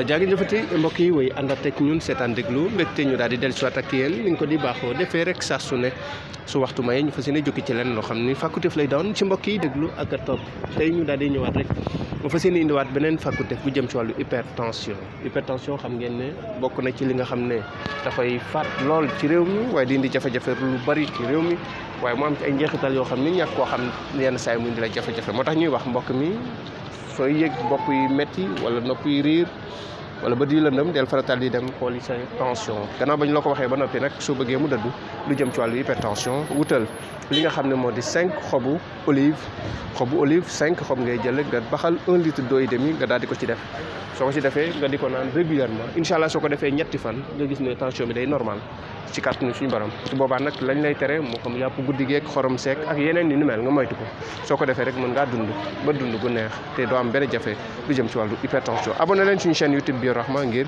jaagi jëfati mbokk yi woy ànd ak seetaan déglu mbégte ñu daal di dellusiwaat ak yéen ni ñu ko di baaxoo defee rek saa su ne su waxtu mayee ñu fas yéene jukki ci leen loo xam ni facultéef lay doon ci mbokk yi déglu ak a topp tey ñu daal di rek mu fas yéene indiwaat beneen facultéef bu jëm ci wàllu hypertension hypertension xam ngeen ne bokk na ci li nga xam ne dafay faat lool ci réew mi waaye di indi jafe-jafe lu bari ci réew mi waaye mu am ci ay njeexital yoo xam ni ñàkk koo xam yenn saa yi mu indi la jafe-jafe moo tax ñuy wax mbokk mi soo yëg bopp yi metti wala nopp yi riir wala ba di lëndëm del faratal di dem xooli sa tension gannaaw ba ñu la ko waxee ba noppi nag soo bëggee mu dëddu lu jëm ci wàllu hypertension wutal li nga xam ne moo di cinq xobu olive xobu olive cinq xob ngay jël nga baxal un litre dooy dem demi nga daal di ko ci def soo ko ci defee nga di ko naan régulièrement incha allah soo ko defee ñetti fan nga gis ne tension bi day normal ci kàttanu suñu borom su boobaa nag lañ lay tere moo xam yàpp guddi geeg xorom seek ak yeneen ni nu mel nga moytu ko soo ko defee rek mën ngaa dund ba dund gu neex te doo am benn jafe lu jëm ci wàllu hypertension abonné leen suñu chaîne YouTube Biorahma ngir